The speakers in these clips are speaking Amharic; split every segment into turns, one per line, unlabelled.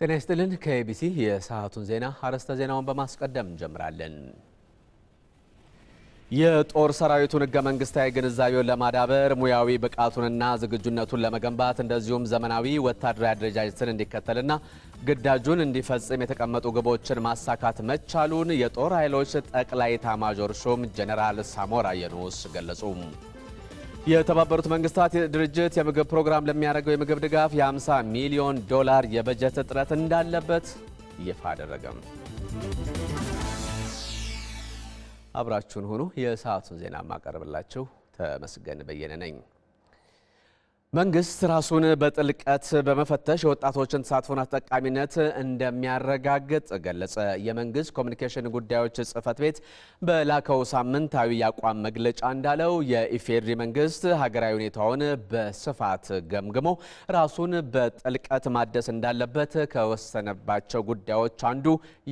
ጤና ይስጥልን። ከኤቢሲ የሰዓቱን ዜና አርዕስተ ዜናውን በማስቀደም እንጀምራለን። የጦር ሰራዊቱን ህገ መንግስታዊ ግንዛቤውን ለማዳበር ሙያዊ ብቃቱንና ዝግጁነቱን ለመገንባት እንደዚሁም ዘመናዊ ወታደራዊ አደረጃጀትን እንዲከተልና ግዳጁን እንዲፈጽም የተቀመጡ ግቦችን ማሳካት መቻሉን የጦር ኃይሎች ጠቅላይ ኤታማዦር ሹም ጄኔራል ሳሞራ የኑስ ገለጹ። የተባበሩት መንግስታት ድርጅት የምግብ ፕሮግራም ለሚያደርገው የምግብ ድጋፍ የ50 ሚሊዮን ዶላር የበጀት እጥረት እንዳለበት ይፋ አደረገም። አብራችሁን ሁኑ። የሰዓቱን ዜና ማቀርብላችሁ ተመስገን በየነ ነኝ። መንግስት ራሱን በጥልቀት በመፈተሽ የወጣቶችን ተሳትፎና ተጠቃሚነት እንደሚያረጋግጥ ገለጸ። የመንግስት ኮሚኒኬሽን ጉዳዮች ጽህፈት ቤት በላከው ሳምንታዊ የአቋም መግለጫ እንዳለው የኢፌዴሪ መንግስት ሀገራዊ ሁኔታውን በስፋት ገምግሞ ራሱን በጥልቀት ማደስ እንዳለበት ከወሰነባቸው ጉዳዮች አንዱ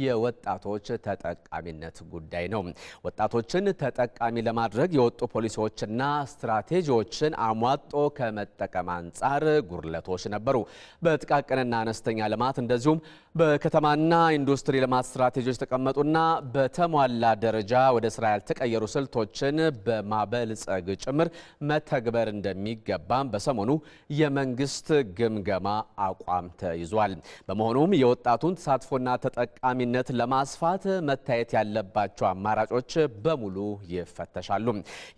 የወጣቶች ተጠቃሚነት ጉዳይ ነው። ወጣቶችን ተጠቃሚ ለማድረግ የወጡ ፖሊሲዎችና ስትራቴጂዎችን አሟጦ ከመጠቀም ከመጠቀም አንጻር ጉድለቶች ነበሩ። በጥቃቅንና አነስተኛ ልማት እንደዚሁም በከተማና ኢንዱስትሪ ልማት ስትራቴጂዎች የተቀመጡና በተሟላ ደረጃ ወደ ስራ ያልተቀየሩ ስልቶችን በማበልጸግ ጭምር መተግበር እንደሚገባም በሰሞኑ የመንግስት ግምገማ አቋም ተይዟል። በመሆኑም የወጣቱን ተሳትፎና ተጠቃሚነት ለማስፋት መታየት ያለባቸው አማራጮች በሙሉ ይፈተሻሉ።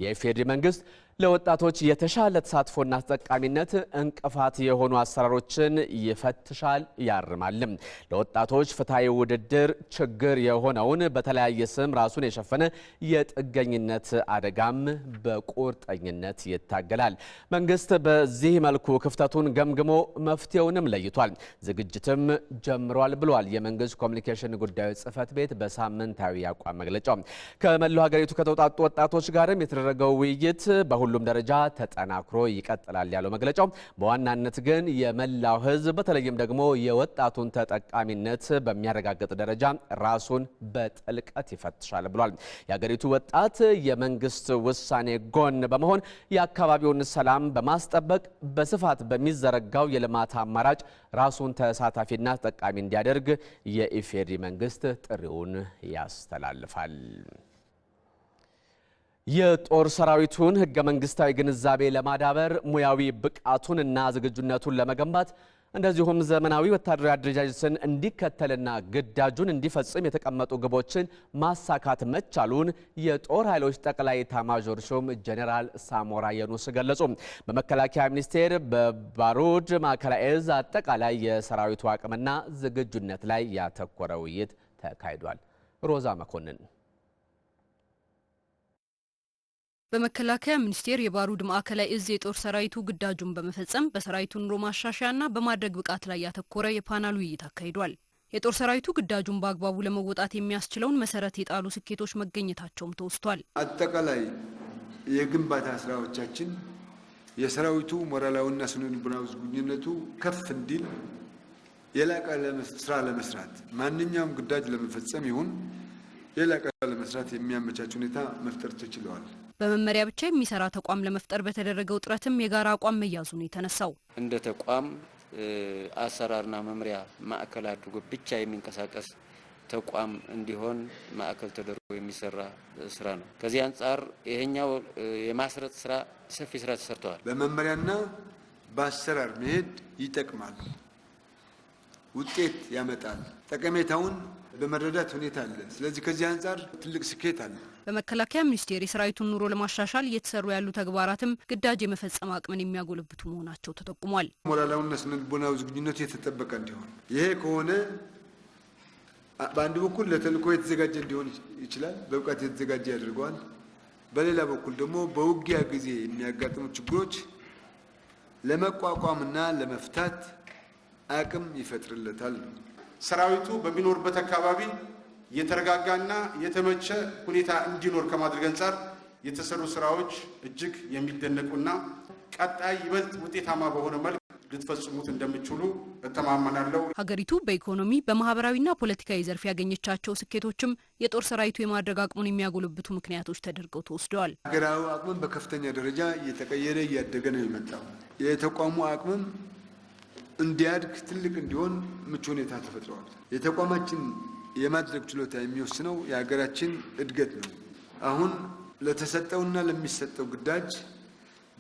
የኢፌዴሪ መንግስት ለወጣቶች የተሻለ ተሳትፎና ተጠቃሚነት እንቅፋት የሆኑ አሰራሮችን ይፈትሻል ያርማልም። ለወጣቶች ፍትሐዊ ውድድር ችግር የሆነውን በተለያየ ስም ራሱን የሸፈነ የጥገኝነት አደጋም በቁርጠኝነት ይታገላል። መንግስት በዚህ መልኩ ክፍተቱን ገምግሞ መፍትሄውንም ለይቷል፣ ዝግጅትም ጀምሯል ብሏል። የመንግስት ኮሚኒኬሽን ጉዳዮች ጽህፈት ቤት በሳምንታዊ አቋም መግለጫው ከመላው ሀገሪቱ ከተውጣጡ ወጣቶች ጋርም የተደረገው ውይይት በሁሉም ደረጃ ተጠናክሮ ይቀጥላል ያለው መግለጫው በዋናነት ግን የመላው ህዝብ በተለይም ደግሞ የወጣቱን ተጠቃሚነት በሚያረጋግጥ ደረጃ ራሱን በጥልቀት ይፈትሻል ብሏል። የሀገሪቱ ወጣት የመንግስት ውሳኔ ጎን በመሆን የአካባቢውን ሰላም በማስጠበቅ በስፋት በሚዘረጋው የልማት አማራጭ ራሱን ተሳታፊና ተጠቃሚ እንዲያደርግ የኢፌዴሪ መንግስት ጥሪውን ያስተላልፋል። የጦር ሰራዊቱን ህገ መንግስታዊ ግንዛቤ ለማዳበር ሙያዊ ብቃቱን እና ዝግጁነቱን ለመገንባት እንደዚሁም ዘመናዊ ወታደራዊ አደረጃጀትን እንዲከተልና ግዳጁን እንዲፈጽም የተቀመጡ ግቦችን ማሳካት መቻሉን የጦር ኃይሎች ጠቅላይ ኤታማዦር ሹም ጄኔራል ሳሞራ የኑስ ገለጹ። በመከላከያ ሚኒስቴር በባሩድ ማዕከላዊ እዝ አጠቃላይ የሰራዊቱ አቅምና ዝግጁነት ላይ ያተኮረ ውይይት ተካሂዷል። ሮዛ መኮንን
በመከላከያ ሚኒስቴር የባሩድ ማዕከላዊ እዝ የጦር ሰራዊቱ ግዳጁን በመፈጸም በሰራዊቱ ኑሮ ማሻሻያና በማድረግ ብቃት ላይ ያተኮረ የፓናል ውይይት አካሂዷል። የጦር ሰራዊቱ ግዳጁን በአግባቡ ለመወጣት የሚያስችለውን መሰረት የጣሉ ስኬቶች መገኘታቸውም ተወስቷል።
አጠቃላይ የግንባታ ስራዎቻችን የሰራዊቱ ሞራላዊና ስነ ልቦናዊ ዝግጁነቱ ከፍ እንዲል የላቀ ስራ ለመስራት ማንኛውም ግዳጅ ለመፈጸም ይሁን የላቀ ለመስራት የሚያመቻች ሁኔታ መፍጠር ተችለዋል። በመመሪያ
ብቻ የሚሰራ ተቋም ለመፍጠር በተደረገው ጥረትም የጋራ አቋም መያዙ ነው የተነሳው።
እንደ ተቋም አሰራርና መምሪያ ማዕከል አድርጎ ብቻ የሚንቀሳቀስ ተቋም እንዲሆን ማዕከል ተደርጎ የሚሰራ ስራ ነው። ከዚህ አንጻር ይሄኛው የማስረጥ ስራ ሰፊ ስራ ተሰርተዋል። በመመሪያና
በአሰራር መሄድ ይጠቅማል፣ ውጤት ያመጣል። ጠቀሜታውን በመረዳት ሁኔታ አለ። ስለዚህ ከዚህ አንጻር ትልቅ ስኬት አለ።
በመከላከያ ሚኒስቴር የሰራዊቱን ኑሮ ለማሻሻል እየተሰሩ ያሉ ተግባራትም ግዳጅ የመፈጸም አቅምን የሚያጎለብቱ መሆናቸው
ተጠቁሟል። ሞራላዊና ስነልቦናዊ ዝግጁነቱ የተጠበቀ እንዲሆን ይሄ ከሆነ በአንድ በኩል ለተልእኮ የተዘጋጀ እንዲሆን ይችላል፣ በብቃት የተዘጋጀ ያደርገዋል። በሌላ በኩል ደግሞ በውጊያ ጊዜ የሚያጋጥሙ ችግሮች ለመቋቋምና ለመፍታት አቅም ይፈጥርለታል። ሰራዊቱ በሚኖርበት አካባቢ የተረጋጋና የተመቸ ሁኔታ እንዲኖር ከማድረግ አንጻር የተሰሩ ስራዎች እጅግ የሚደነቁና ቀጣይ ይበልጥ ውጤታማ በሆነ መልክ ልትፈጽሙት እንደምችሉ እተማመናለሁ። ሀገሪቱ በኢኮኖሚ
በማህበራዊና ፖለቲካዊ ዘርፍ ያገኘቻቸው ስኬቶችም የጦር ሰራዊቱ የማድረግ አቅሙን የሚያጎለብቱ ምክንያቶች ተደርገው ተወስደዋል። ሀገራዊ አቅምም በከፍተኛ
ደረጃ እየተቀየረ እያደገ ነው የመጣው። የተቋሙ አቅምም እንዲያድግ ትልቅ እንዲሆን ምቹ ሁኔታ ተፈጥረዋል። የተቋማችን የማድረግ ችሎታ የሚወስነው የሀገራችን እድገት ነው። አሁን ለተሰጠውና ለሚሰጠው ግዳጅ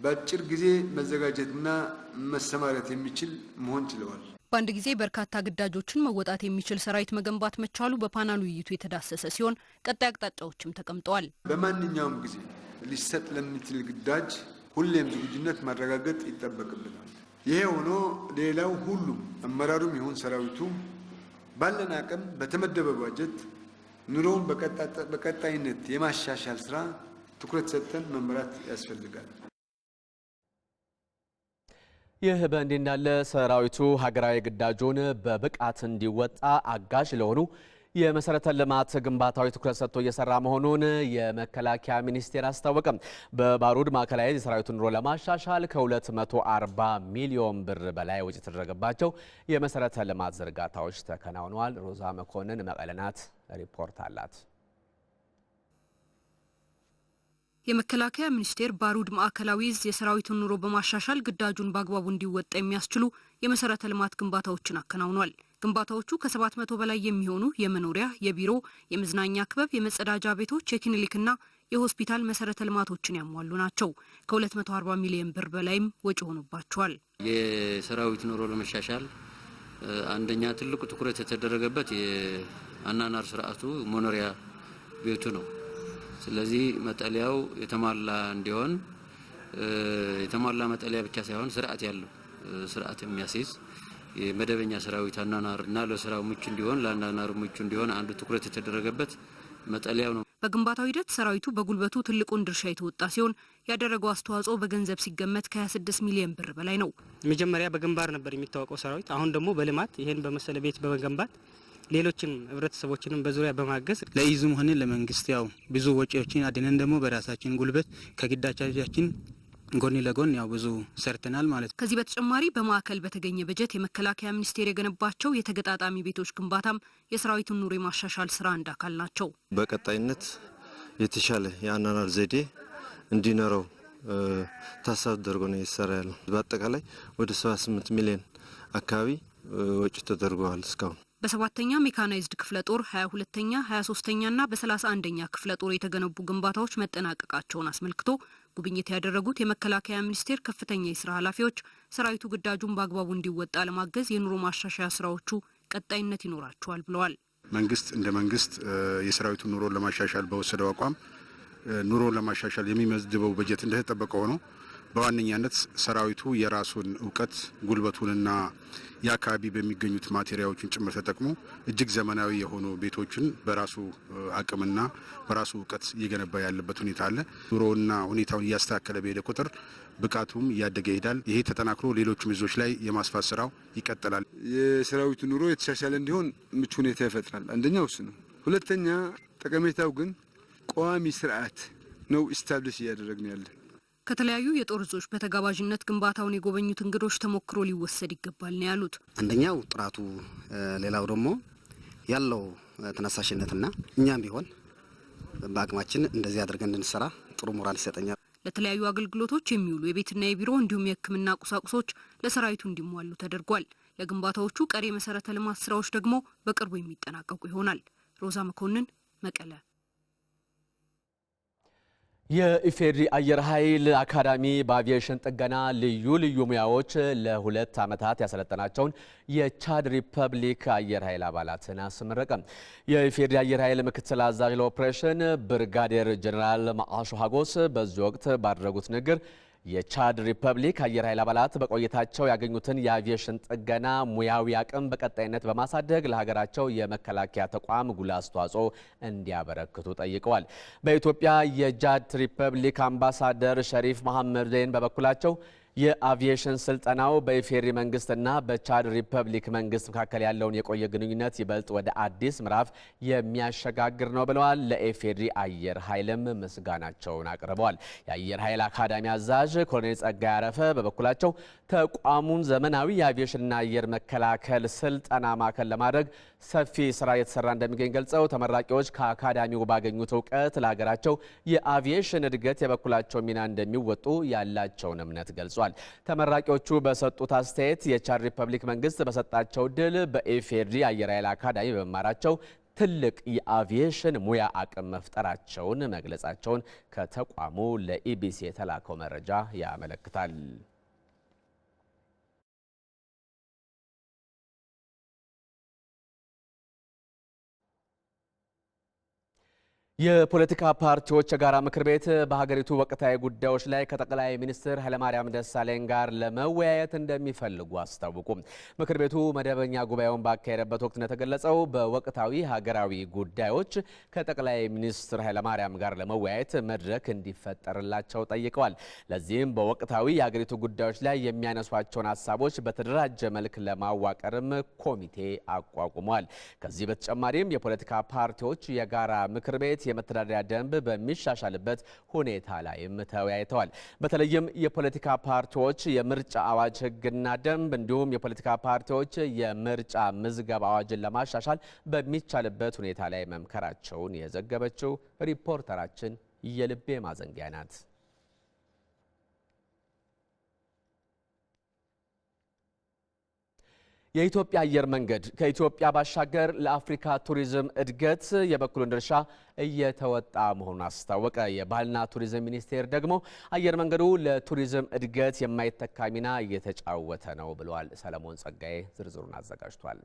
በአጭር ጊዜ መዘጋጀትና መሰማረት የሚችል መሆን ችለዋል።
በአንድ ጊዜ በርካታ ግዳጆችን መወጣት የሚችል ሰራዊት መገንባት መቻሉ በፓናል ውይይቱ የተዳሰሰ ሲሆን ቀጣይ አቅጣጫዎችም ተቀምጠዋል። በማንኛውም
ጊዜ ሊሰጥ ለሚችል ግዳጅ ሁሌም ዝግጁነት ማረጋገጥ ይጠበቅብናል። ይሄ ሆኖ ሌላው ሁሉም አመራሩም ይሁን ሰራዊቱ ባለን አቅም በተመደበ ባጀት ኑሮውን በቀጣይነት የማሻሻል ስራ ትኩረት ሰጥተን መምራት ያስፈልጋል።
ይህ በእንዲህ እንዳለ ሰራዊቱ ሀገራዊ ግዳጁን በብቃት እንዲወጣ አጋዥ ለሆኑ የመሰረተ ልማት ግንባታዊ ትኩረት ሰጥቶ እየሰራ መሆኑን የመከላከያ ሚኒስቴር አስታወቀም። በባሩድ ማዕከላዊ የሰራዊቱ ኑሮ ለማሻሻል ከ240 ሚሊዮን ብር በላይ ወጪ የተደረገባቸው የመሰረተ ልማት ዝርጋታዎች ተከናውነዋል። ሮዛ መኮንን መቀለናት ሪፖርት አላት።
የመከላከያ ሚኒስቴር ባሩድ ማዕከላዊ እዝ የሰራዊቱን ኑሮ በማሻሻል ግዳጁን በአግባቡ እንዲወጣ የሚያስችሉ የመሰረተ ልማት ግንባታዎችን አከናውኗል። ግንባታዎቹ ከሰባት መቶ በላይ የሚሆኑ የመኖሪያ፣ የቢሮ፣ የመዝናኛ ክበብ፣ የመጸዳጃ ቤቶች፣ የክሊኒክና የሆስፒታል መሰረተ ልማቶችን ያሟሉ ናቸው። ከ240 ሚሊዮን ብር በላይም ወጪ ሆኖባቸዋል።
የሰራዊት ኑሮ ለመሻሻል አንደኛ ትልቁ ትኩረት የተደረገበት የአናናር ስርዓቱ መኖሪያ ቤቱ ነው። ስለዚህ መጠለያው የተሟላ እንዲሆን የተሟላ መጠለያ ብቻ ሳይሆን ስርዓት ያለው ስርዓት የሚያስይዝ የመደበኛ ሰራዊት አናናርና ለስራው ምቹ እንዲሆን ለአናናር ምቹ እንዲሆን አንዱ ትኩረት የተደረገበት መጠለያው ነው። በግንባታው ሂደት ሰራዊቱ
በጉልበቱ ትልቁን ድርሻ የተወጣ ሲሆን ያደረገው አስተዋጽኦ በገንዘብ ሲገመት ከ26 ሚሊዮን ብር በላይ ነው። መጀመሪያ
በግንባር ነበር የሚታወቀው ሰራዊት አሁን ደግሞ በልማት ይህን በመሰለ ቤት በመገንባት ሌሎችን ህብረተሰቦችንም በዙሪያ
በማገዝ ለይዙም ሆነ ለመንግስት ያው ብዙ ወጪዎችን አድነን ደግሞ በራሳችን ጉልበት ከግዳቻችን ጎን ለጎን ያው ብዙ ሰርተናል ማለት
ነው። ከዚህ በተጨማሪ በማዕከል በተገኘ በጀት የመከላከያ ሚኒስቴር የገነባቸው የተገጣጣሚ ቤቶች ግንባታም የሰራዊቱን ኑሮ የማሻሻል ስራ አንድ አካል ናቸው።
በቀጣይነት የተሻለ የአኗኗር ዘዴ እንዲኖረው ታሳብ ተደርጎ ነው እየተሰራ ያለው። በአጠቃላይ ወደ 78 ሚሊዮን አካባቢ ወጪ ተደርገዋል እስካሁን በሰባተኛ
ሜካናይዝድ ክፍለ ጦር ሀያ ሁለተኛ ሀያ ሶስተኛ ና በሰላሳ አንደኛ ክፍለ ጦር የተገነቡ ግንባታዎች መጠናቀቃቸውን አስመልክቶ ጉብኝት ያደረጉት የመከላከያ ሚኒስቴር ከፍተኛ የስራ ኃላፊዎች ሰራዊቱ ግዳጁን በአግባቡ እንዲወጣ ለማገዝ የኑሮ ማሻሻያ ስራዎቹ ቀጣይነት ይኖራቸዋል ብለዋል።
መንግስት እንደ መንግስት የሰራዊቱን ኑሮ ለማሻሻል በወሰደው አቋም ኑሮ ለማሻሻል የሚመዝድበው በጀት እንደተጠበቀ ሆኖ በዋነኛነት ሰራዊቱ የራሱን እውቀት ጉልበቱንና የአካባቢ በሚገኙት ማቴሪያዎችን ጭምር ተጠቅሞ እጅግ ዘመናዊ የሆኑ ቤቶችን በራሱ አቅምና በራሱ እውቀት እየገነባ ያለበት ሁኔታ አለ። ኑሮውና ሁኔታውን እያስተካከለ በሄደ ቁጥር ብቃቱም እያደገ ይሄዳል። ይሄ ተጠናክሮ ሌሎችም ምዞች ላይ የማስፋት ስራው ይቀጥላል። የሰራዊቱ ኑሮ የተሻሻለ እንዲሆን ምቹ ሁኔታ ይፈጥራል። አንደኛው እሱ ነው። ሁለተኛ ጠቀሜታው ግን ቋሚ ስርዓት ነው። ኢስታብሊሽ እያደረግን ያለን
ከተለያዩ የጦር እዞች በተጋባዥነት ግንባታውን የጎበኙት እንግዶች ተሞክሮ ሊወሰድ ይገባል ነው ያሉት። አንደኛው ጥራቱ፣ ሌላው ደግሞ ያለው ተነሳሽነትና እኛም ቢሆን በአቅማችን እንደዚህ አድርገን እንድንሰራ ጥሩ ሞራል ይሰጠኛል። ለተለያዩ አገልግሎቶች የሚውሉ የቤትና የቢሮ እንዲሁም የሕክምና ቁሳቁሶች ለሰራዊቱ እንዲሟሉ ተደርጓል። ለግንባታዎቹ ቀሪ የመሰረተ ልማት ስራዎች ደግሞ በቅርቡ የሚጠናቀቁ ይሆናል። ሮዛ መኮንን መቀለ
የኢፌድሪ አየር ኃይል አካዳሚ በአቪዬሽን ጥገና ልዩ ልዩ ሙያዎች ለሁለት ዓመታት ያሰለጠናቸውን የቻድ ሪፐብሊክ አየር ኃይል አባላትን አስመረቀ። የኢፌድሪ አየር ኃይል ምክትል አዛዥ ለኦፕሬሽን ብርጋዴር ጀኔራል ማአሾ ሀጎስ በዚህ ወቅት ባደረጉት ንግግር የቻድ ሪፐብሊክ አየር ኃይል አባላት በቆይታቸው ያገኙትን የአቪዬሽን ጥገና ሙያዊ አቅም በቀጣይነት በማሳደግ ለሀገራቸው የመከላከያ ተቋም ጉልህ አስተዋጽኦ እንዲያበረክቱ ጠይቀዋል። በኢትዮጵያ የቻድ ሪፐብሊክ አምባሳደር ሸሪፍ መሐመድ ዘይን በበኩላቸው የአቪዬሽን ስልጠናው በኢፌሪ መንግስትና በቻድ ሪፐብሊክ መንግስት መካከል ያለውን የቆየ ግንኙነት ይበልጥ ወደ አዲስ ምዕራፍ የሚያሸጋግር ነው ብለዋል። ለኢፌሪ አየር ኃይልም ምስጋናቸውን አቅርበዋል። የአየር ኃይል አካዳሚ አዛዥ ኮሎኔል ጸጋ ያረፈ በበኩላቸው ተቋሙን ዘመናዊ የአቪዬሽንና አየር መከላከል ስልጠና ማዕከል ለማድረግ ሰፊ ስራ እየተሰራ እንደሚገኝ ገልጸው ተመራቂዎች ከአካዳሚው ባገኙት እውቀት ለሀገራቸው የአቪዬሽን እድገት የበኩላቸው ሚና እንደሚወጡ ያላቸውን እምነት ገልጿል። ተመራቂዎቹ በሰጡት አስተያየት የቻድ ሪፐብሊክ መንግስት በሰጣቸው ድል በኢፌድሪ አየር ኃይል አካዳሚ በመማራቸው ትልቅ የአቪዬሽን ሙያ አቅም መፍጠራቸውን መግለጻቸውን ከተቋሙ ለኢቢሲ የተላከው መረጃ ያመለክታል። የፖለቲካ ፓርቲዎች የጋራ ምክር ቤት በሀገሪቱ ወቅታዊ ጉዳዮች ላይ ከጠቅላይ ሚኒስትር ኃይለማርያም ደሳለኝ ጋር ለመወያየት እንደሚፈልጉ አስታወቁ። ምክር ቤቱ መደበኛ ጉባኤውን ባካሄደበት ወቅት እንደተገለጸው በወቅታዊ ሀገራዊ ጉዳዮች ከጠቅላይ ሚኒስትር ኃይለማርያም ጋር ለመወያየት መድረክ እንዲፈጠርላቸው ጠይቀዋል። ለዚህም በወቅታዊ የሀገሪቱ ጉዳዮች ላይ የሚያነሷቸውን ሀሳቦች በተደራጀ መልክ ለማዋቀርም ኮሚቴ አቋቁሟል። ከዚህ በተጨማሪም የፖለቲካ ፓርቲዎች የጋራ ምክር ቤት የመተዳደሪያ ደንብ በሚሻሻልበት ሁኔታ ላይም ተወያይተዋል። በተለይም የፖለቲካ ፓርቲዎች የምርጫ አዋጅ ህግና ደንብ እንዲሁም የፖለቲካ ፓርቲዎች የምርጫ ምዝገባ አዋጅን ለማሻሻል በሚቻልበት ሁኔታ ላይ መምከራቸውን የዘገበችው ሪፖርተራችን የልቤ ማዘንጊያ ናት። የኢትዮጵያ አየር መንገድ ከኢትዮጵያ ባሻገር ለአፍሪካ ቱሪዝም እድገት የበኩሉን ድርሻ እየተወጣ መሆኑን አስታወቀ። የባህልና ቱሪዝም ሚኒስቴር ደግሞ አየር መንገዱ ለቱሪዝም እድገት የማይተካ ሚና እየተጫወተ ነው ብለዋል። ሰለሞን ጸጋዬ ዝርዝሩን አዘጋጅቷል።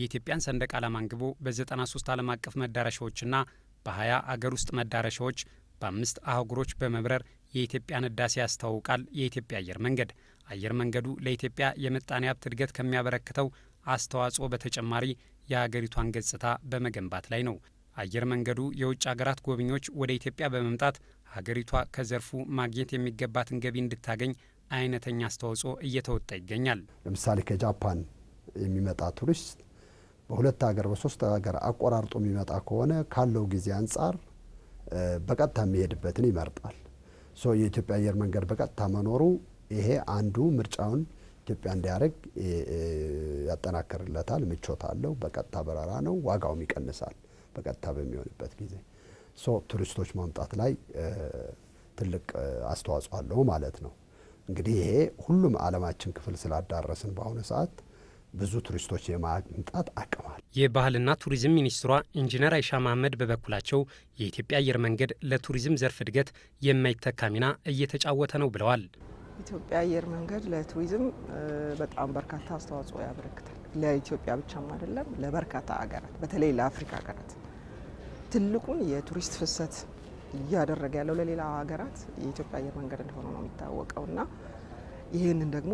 የኢትዮጵያን ሰንደቅ ዓላማ አንግቦ በ93 ዓለም አቀፍ መዳረሻዎችና በ20 አገር ውስጥ መዳረሻዎች በአምስት አህጉሮች በመብረር የኢትዮጵያን ሕዳሴ ያስተዋውቃል የኢትዮጵያ አየር መንገድ። አየር መንገዱ ለኢትዮጵያ የምጣኔ ሀብት እድገት ከሚያበረክተው አስተዋጽኦ በተጨማሪ የሀገሪቷን ገጽታ በመገንባት ላይ ነው። አየር መንገዱ የውጭ ሀገራት ጎብኚዎች ወደ ኢትዮጵያ በመምጣት ሀገሪቷ ከዘርፉ ማግኘት የሚገባትን ገቢ እንድታገኝ አይነተኛ አስተዋጽኦ እየተወጣ ይገኛል። ለምሳሌ ከጃፓን
የሚመጣ ቱሪስት በሁለት ሀገር በሶስት ሀገር አቆራርጦ የሚመጣ ከሆነ ካለው ጊዜ አንጻር በቀጥታ የሚሄድበትን ይመርጣል። ሶ የኢትዮጵያ አየር መንገድ በቀጥታ መኖሩ ይሄ አንዱ ምርጫውን ኢትዮጵያ እንዲያደርግ ያጠናክርለታል። ምቾት አለው። በቀጥታ በረራ ነው። ዋጋውም ይቀንሳል በቀጥታ በሚሆንበት ጊዜ ሶ ቱሪስቶች ማምጣት ላይ ትልቅ አስተዋጽኦ አለው ማለት ነው። እንግዲህ ይሄ ሁሉም ዓለማችን ክፍል ስላዳረስን በአሁኑ ሰዓት ብዙ ቱሪስቶች የማምጣት
አቅም አለ። የባህልና ቱሪዝም ሚኒስትሯ ኢንጂነር አይሻ መሀመድ በበኩላቸው የኢትዮጵያ አየር መንገድ ለቱሪዝም ዘርፍ እድገት የማይተካ ሚና እየተጫወተ ነው ብለዋል። ኢትዮጵያ
አየር መንገድ ለቱሪዝም በጣም በርካታ አስተዋጽኦ ያበረክታል። ለኢትዮጵያ ብቻም አይደለም፣ ለበርካታ ሀገራት በተለይ ለአፍሪካ ሀገራት ትልቁን የቱሪስት ፍሰት እያደረገ ያለው ለሌላ ሀገራት የኢትዮጵያ አየር መንገድ እንደሆነ ነው የሚታወቀው እና ይህንን ደግሞ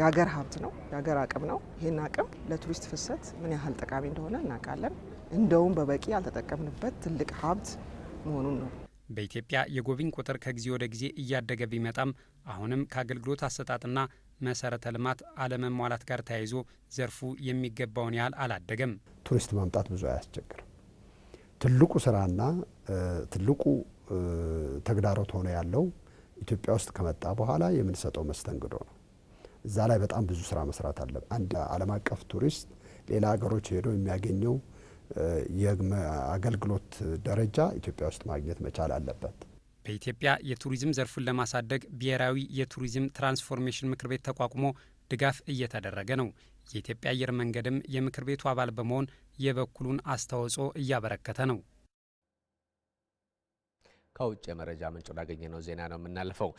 የሀገር ሀብት ነው፣ የሀገር አቅም ነው። ይህን አቅም ለቱሪስት ፍሰት ምን ያህል ጠቃሚ እንደሆነ እናውቃለን። እንደውም በበቂ ያልተጠቀምንበት ትልቅ ሀብት መሆኑን ነው። በኢትዮጵያ
የጎብኝ ቁጥር ከጊዜ ወደ ጊዜ እያደገ ቢመጣም አሁንም ከአገልግሎት አሰጣጥና መሰረተ ልማት አለመሟላት ጋር ተያይዞ ዘርፉ የሚገባውን ያህል አላደገም። ቱሪስት
ማምጣት ብዙ አያስቸግርም። ትልቁ ስራና ትልቁ ተግዳሮት ሆኖ ያለው ኢትዮጵያ ውስጥ ከመጣ በኋላ የምንሰጠው መስተንግዶ ነው። እዛ ላይ በጣም ብዙ ስራ መስራት አለ። አንድ ዓለም አቀፍ ቱሪስት ሌላ ሀገሮች ሄዶ የሚያገኘው የአገልግሎት ደረጃ ኢትዮጵያ ውስጥ ማግኘት መቻል አለበት።
በኢትዮጵያ የቱሪዝም ዘርፉን ለማሳደግ ብሔራዊ የቱሪዝም ትራንስፎርሜሽን ምክር ቤት ተቋቁሞ ድጋፍ እየተደረገ ነው። የኢትዮጵያ አየር መንገድም የምክር ቤቱ አባል በመሆን የበኩሉን አስተዋጽኦ እያበረከተ ነው። ከውጭ የመረጃ ምንጭ ነው ዜና ነው የምናልፈው።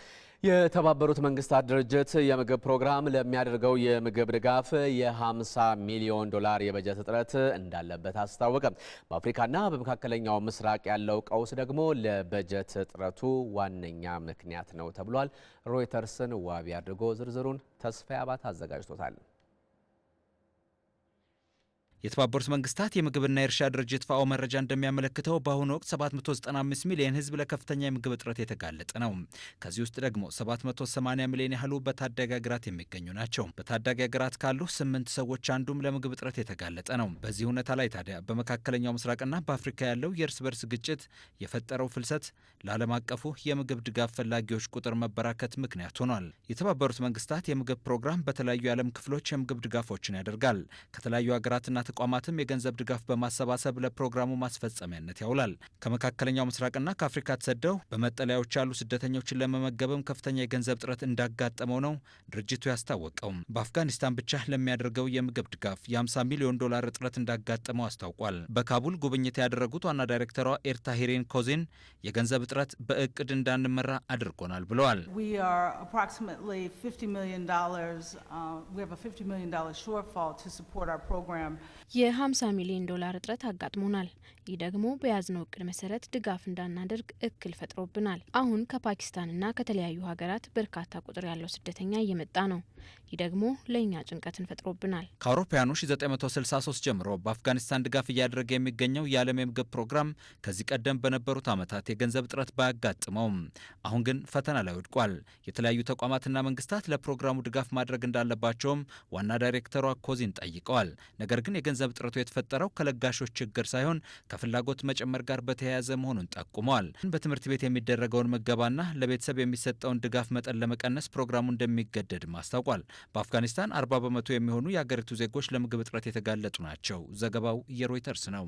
የተባበሩት መንግስታት ድርጅት የምግብ ፕሮግራም ለሚያደርገው የምግብ ድጋፍ የ50 ሚሊዮን ዶላር የበጀት እጥረት እንዳለበት አስታወቀ። በአፍሪካና በመካከለኛው ምስራቅ ያለው ቀውስ ደግሞ ለበጀት እጥረቱ ዋነኛ ምክንያት ነው ተብሏል። ሮይተርስን ዋቢ አድርጎ ዝርዝሩን ተስፋዬ አባት አዘጋጅቶታል። የተባበሩት መንግስታት የምግብና የእርሻ ድርጅት ፋኦ መረጃ እንደሚያመለክተው በአሁኑ ወቅት 795 ሚሊዮን ህዝብ ለከፍተኛ የምግብ እጥረት የተጋለጠ ነው። ከዚህ ውስጥ ደግሞ 780 ሚሊዮን ያህሉ በታዳጊ ሀገራት የሚገኙ ናቸው። በታዳጊ ሀገራት ካሉ ስምንት ሰዎች አንዱም ለምግብ እጥረት የተጋለጠ ነው። በዚህ እውነታ ላይ ታዲያ በመካከለኛው ምስራቅና በአፍሪካ ያለው የእርስ በርስ ግጭት የፈጠረው ፍልሰት ለዓለም አቀፉ የምግብ ድጋፍ ፈላጊዎች ቁጥር መበራከት ምክንያት ሆኗል። የተባበሩት መንግስታት የምግብ ፕሮግራም በተለያዩ የዓለም ክፍሎች የምግብ ድጋፎችን ያደርጋል ከተለያዩ ሀገራትና ተቋማትም የገንዘብ ድጋፍ በማሰባሰብ ለፕሮግራሙ ማስፈጸሚያነት ያውላል። ከመካከለኛው ምስራቅና ከአፍሪካ ተሰደው በመጠለያዎች ያሉ ስደተኞችን ለመመገብም ከፍተኛ የገንዘብ ጥረት እንዳጋጠመው ነው ድርጅቱ ያስታወቀው። በአፍጋኒስታን ብቻ ለሚያደርገው የምግብ ድጋፍ የ50 ሚሊዮን ዶላር እጥረት እንዳጋጠመው አስታውቋል። በካቡል ጉብኝት ያደረጉት ዋና ዳይሬክተሯ ኤርታሂሬን ኮዚን የገንዘብ እጥረት በእቅድ እንዳንመራ አድርጎናል ብለዋል።
የ50 ሚሊዮን ዶላር እጥረት አጋጥሞናል። ይህ ደግሞ በያዝነው እቅድ መሰረት ድጋፍ እንዳናደርግ እክል ፈጥሮብናል። አሁን ከፓኪስታንና ከተለያዩ ሀገራት በርካታ ቁጥር ያለው ስደተኛ እየመጣ ነው። ይህ ደግሞ ለእኛ ጭንቀትን ፈጥሮብናል። ከአውሮፓውያኑ
1963 ጀምሮ በአፍጋኒስታን ድጋፍ እያደረገ የሚገኘው የዓለም የምግብ ፕሮግራም ከዚህ ቀደም በነበሩት ዓመታት የገንዘብ እጥረት ባያጋጥመውም አሁን ግን ፈተና ላይ ወድቋል። የተለያዩ ተቋማትና መንግስታት ለፕሮግራሙ ድጋፍ ማድረግ እንዳለባቸውም ዋና ዳይሬክተሯ ኮዚን ጠይቀዋል። ነገር ግን የገንዘብ እጥረቱ የተፈጠረው ከለጋሾች ችግር ሳይሆን ከፍላጎት መጨመር ጋር በተያያዘ መሆኑን ጠቁመዋል። በትምህርት ቤት የሚደረገውን ምገባና ለቤተሰብ የሚሰጠውን ድጋፍ መጠን ለመቀነስ ፕሮግራሙ እንደሚገደድም አስታውቋል። በአፍጋኒስታን አርባ በመቶ የሚሆኑ የአገሪቱ ዜጎች ለምግብ እጥረት የተጋለጡ ናቸው። ዘገባው የሮይተርስ ነው።